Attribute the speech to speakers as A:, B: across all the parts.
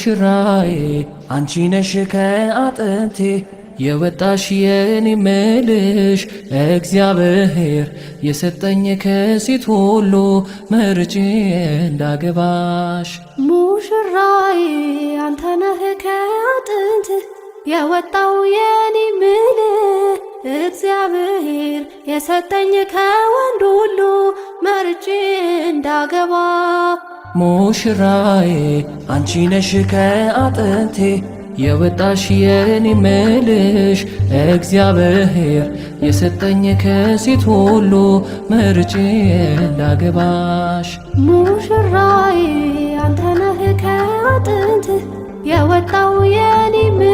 A: ሽራዬ አንቺ ነሽ ከአጥንቴ የወጣሽ የኔ ምልሽ እግዚአብሔር የሰጠኝ ከሴት ሁሉ መርጬ እንዳገባሽ
B: ሙሽራዬ አንተ ነህ ከአጥንት የወጣው የኔ ምል እግዚአብሔር የሰጠኝ ከወንድ ሁሉ መርጬ እንዳገባ
A: ሙሽራዬ አንቺ ነሽ ከአጥንቴ የወጣሽ የኔ መልሽ እግዚአብሔር የሰጠኝ ከሴት ሁሉ መርጬ ላገባሽ
B: ሙሽራዬ አንተ ነህ ከአጥንት የወጣው የኔ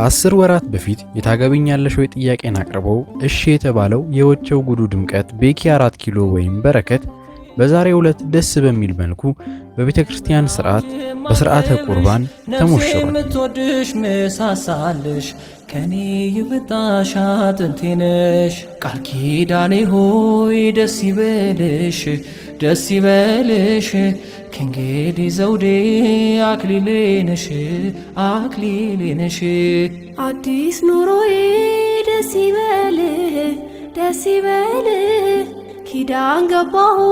C: ከአስር ወራት በፊት የታገቢኛለሽ ወይ ጥያቄን አቅርበው እሺ የተባለው የወቸው ጉዱ ድምቀት ቤኪ አራት ኪሎ ወይም በረከት በዛሬው ዕለት ደስ በሚል መልኩ በቤተ ክርስቲያን ስርዓት በስርዓተ ቁርባን ተሞሽሯል።
A: የምትወድሽ ምሳሳልሽ ከኔ የመጣሽ አጥንቴ ነሽ። ቃል ኪዳኔ ሆይ ደስ ይበልሽ ደስ ይበልሽ ከእንግዲህ ዘውዴ አክሊሌ ነሽ አክሊሌ ነሽ
B: አዲስ ኑሮዬ ደስ ይበልህ ደስ ይበልህ ኪዳን ገባሁ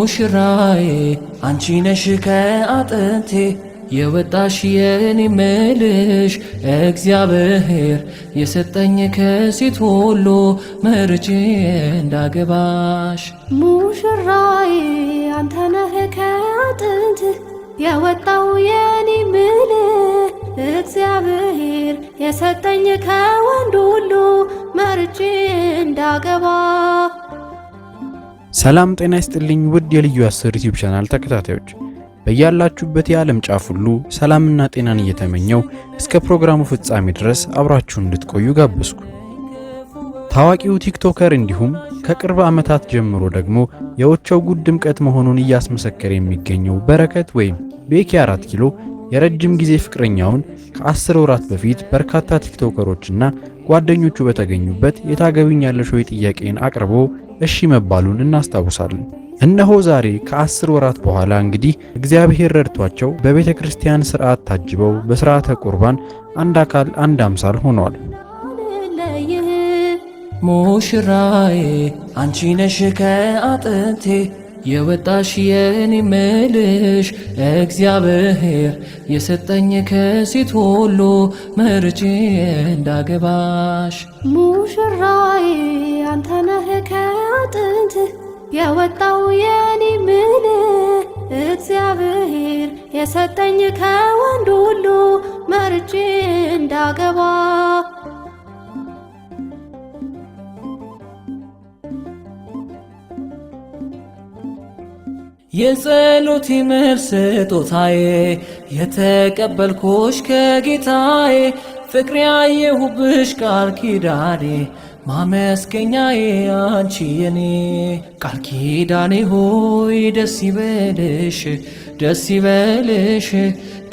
A: ሙሽራዬ አንቺ ነሽ ከአጥንቴ የወጣሽ የኔ ምልሽ እግዚአብሔር የሰጠኝ ከሴት ሁሉ መርጬ እንዳገባሽ
B: ሙሽራዬ አንተ ነህ ከአጥንት የወጣው የኔ ምል እግዚአብሔር የሰጠኝ ከወንድ ሁሉ መርጬ እንዳገባ
C: ሰላም ጤና ይስጥልኝ ውድ የልዩ አስር ዩቲዩብ ቻናል ተከታታዮች በያላችሁበት የዓለም ጫፍ ሁሉ ሰላምና ጤናን እየተመኘው እስከ ፕሮግራሙ ፍጻሜ ድረስ አብራችሁን እንድትቆዩ ጋበዝኩ። ታዋቂው ቲክቶከር እንዲሁም ከቅርብ ዓመታት ጀምሮ ደግሞ የኦቾ ጉድ ድምቀት መሆኑን እያስመሰከረ የሚገኘው በረከት ወይም ቤኪ አራት ኪሎ የረጅም ጊዜ ፍቅረኛውን ከአስር ወራት በፊት በርካታ ቲክቶከሮችና ጓደኞቹ በተገኙበት የታገቢኛለሽ ወይ ጥያቄን አቅርቦ እሺ መባሉን እናስታውሳለን። እነሆ ዛሬ ከአስር ወራት በኋላ እንግዲህ እግዚአብሔር ረድቷቸው በቤተ ክርስቲያን ስርዓት ታጅበው በስርዓተ ቁርባን አንድ አካል አንድ አምሳል ሆኗል።
A: ሙሽራዬ አንቺ ነሽ ከአጥንቴ የወጣሽ የኔ ምልሽ እግዚአብሔር የሰጠኝ ከሴት ሁሉ መርጬ እንዳገባሽ
B: ሙሽራዬ አንተነህ ከአጥንት የወጣው የኔ ምል እግዚአብሔር የሰጠኝ ከወንድ ሁሉ መርጬ እንዳገባ
A: የጸሎት ምር ስጦታዬ የተቀበልኩሽ ከጌታዬ ፍቅሬ ያየሁብሽ ቃል ኪዳኔ ማመስገኛዬ አንቺ የኔ ቃል ኪዳኔ ሆይ ደስ ይበልሽ ደስ ይበልሽ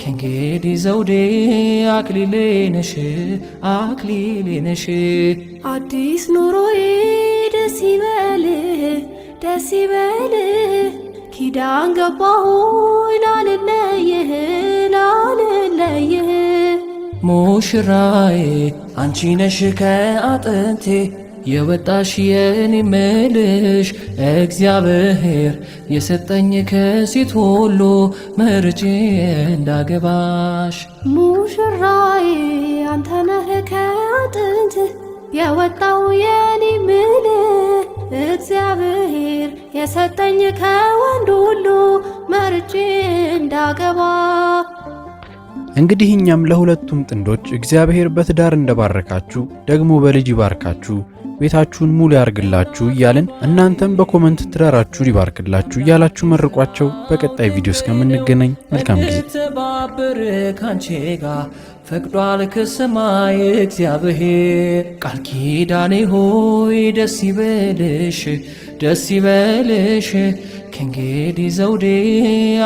A: ከእንግዲህ ዘውዴ አክሊሌንሽ አክሊሌንሽ
B: አዲስ ኑሮዬ ደስ ይበልህ ደስ ይበልህ ኪዳን ገባሁ ላልለይህ ላልለይህ
A: ሙሽራዬ አንቺ ነሽ ከአጥንቴ የወጣሽ የኔ ምልሽ እግዚአብሔር የሰጠኝ ከሴት ሁሉ መርጬ እንዳገባሽ
B: ሙሽራዬ አንተ ነህ ከአጥንትህ የወጣው የኔ ምን እግዚአብሔር የሰጠኝ ከወንድ ሁሉ መርጬ እንዳገባ።
C: እንግዲህ እኛም ለሁለቱም ጥንዶች እግዚአብሔር በትዳር እንደባረካችሁ ደግሞ በልጅ ይባርካችሁ ቤታችሁን ሙሉ ያርግላችሁ እያልን እናንተም በኮመንት ትዳራችሁ ሊባርክላችሁ እያላችሁ መርቋቸው። በቀጣይ ቪዲዮ እስከምንገናኝ መልካም ጊዜ።
A: ተባብር ፈቅዷል ከሰማይ እግዚአብሔር ቃል ኪዳኔ ሆይ ደስ ይበልሽ ደስ ይበልሽ ከእንግዲህ ዘውዴ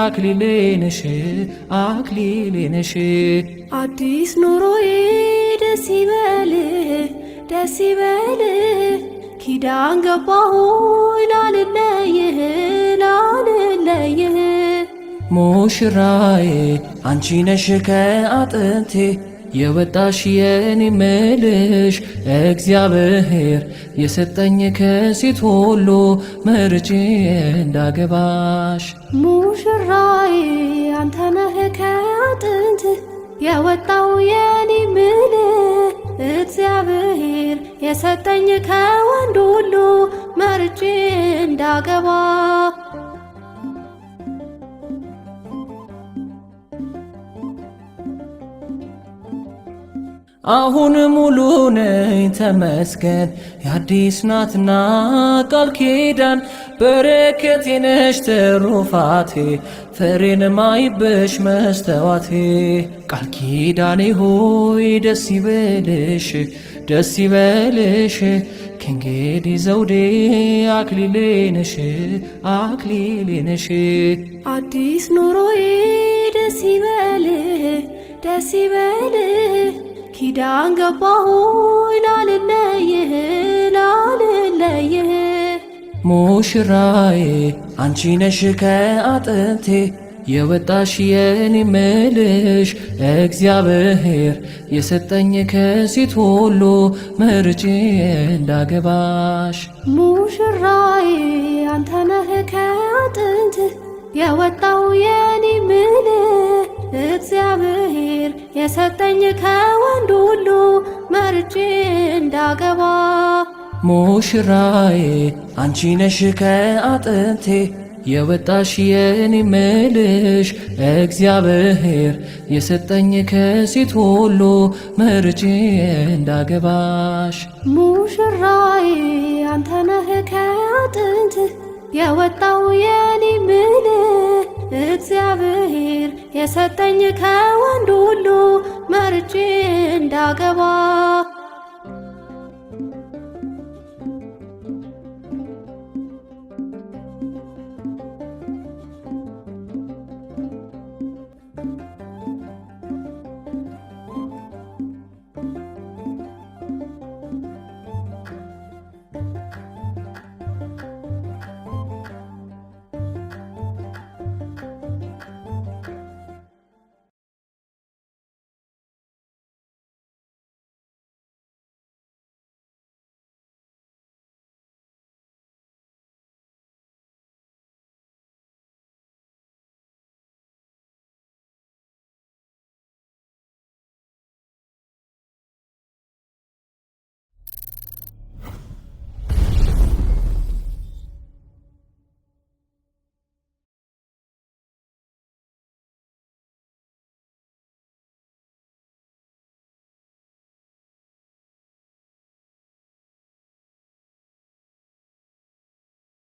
A: አክሊሌንሽ አክሊሌንሽ
B: አዲስ ኑሮዬ ደስ ይበልህ ደስ ይበል ኪዳን ገባሁ ላልለይህ ላልለይህ
A: ሙሽራዬ አንቺ ነሽ ከአጥንቴ የወጣሽ የኔ ምልሽ እግዚአብሔር የሰጠኝ ከሴት ሁሉ መርጬ እንዳገባሽ
B: ሙሽራዬ አንተ ነህ ከአጥንት የወጣው የኔ ምልሽ እግዚአብሔር የሰጠኝ ከወንድ ሁሉ መርጬ እንዳገባ
A: አሁን ሙሉ ነኝ ተመስገን። የአዲስ ናትና ቃል ኪዳን በረከቴ ነሽ ትሩፋቴ ፍሬን ማይበሽ መስተዋቴ ቃል ኪዳኔ ሆይ ደስ ይበልሽ ደስ ይበልሽ ከእንግዲህ ዘውዴ አክሊሌ ነሽ አክሊሌ ነሽ
B: አዲስ ኑሮዬ ደስ ይበልህ ደስ ይበልህ ኪዳን ገባሁኝ ላልለይህ ላልለይህ
A: ሙሽራዬ አንቺ ነሽ ከአጥንቴ የወጣሽ የኔ ምልሽ እግዚአብሔር የሰጠኝ ከሴት ሁሉ መርጬ እንዳገባሽ
B: ሙሽራዬ አንተ ነህ ከአጥንትህ የወጣው የኔ ምን እግዚአብሔር የሰጠኝ ከወንድ ሁሉ መርጬ እንዳገባ
A: ሙሽራዬ አንቺ ነሽ ከአጥንቴ የወጣሽ የኔ ምልሽ እግዚአብሔር የሰጠኝ ከሴት ሁሉ መርጬ እንዳገባሽ
B: ሙሽራዬ አንተ ነህ ከአጥንት ያወጣው የኔ ምን እግዚአብሔር የሰጠኝ ከወንድ ሁሉ መርጬ እንዳገባ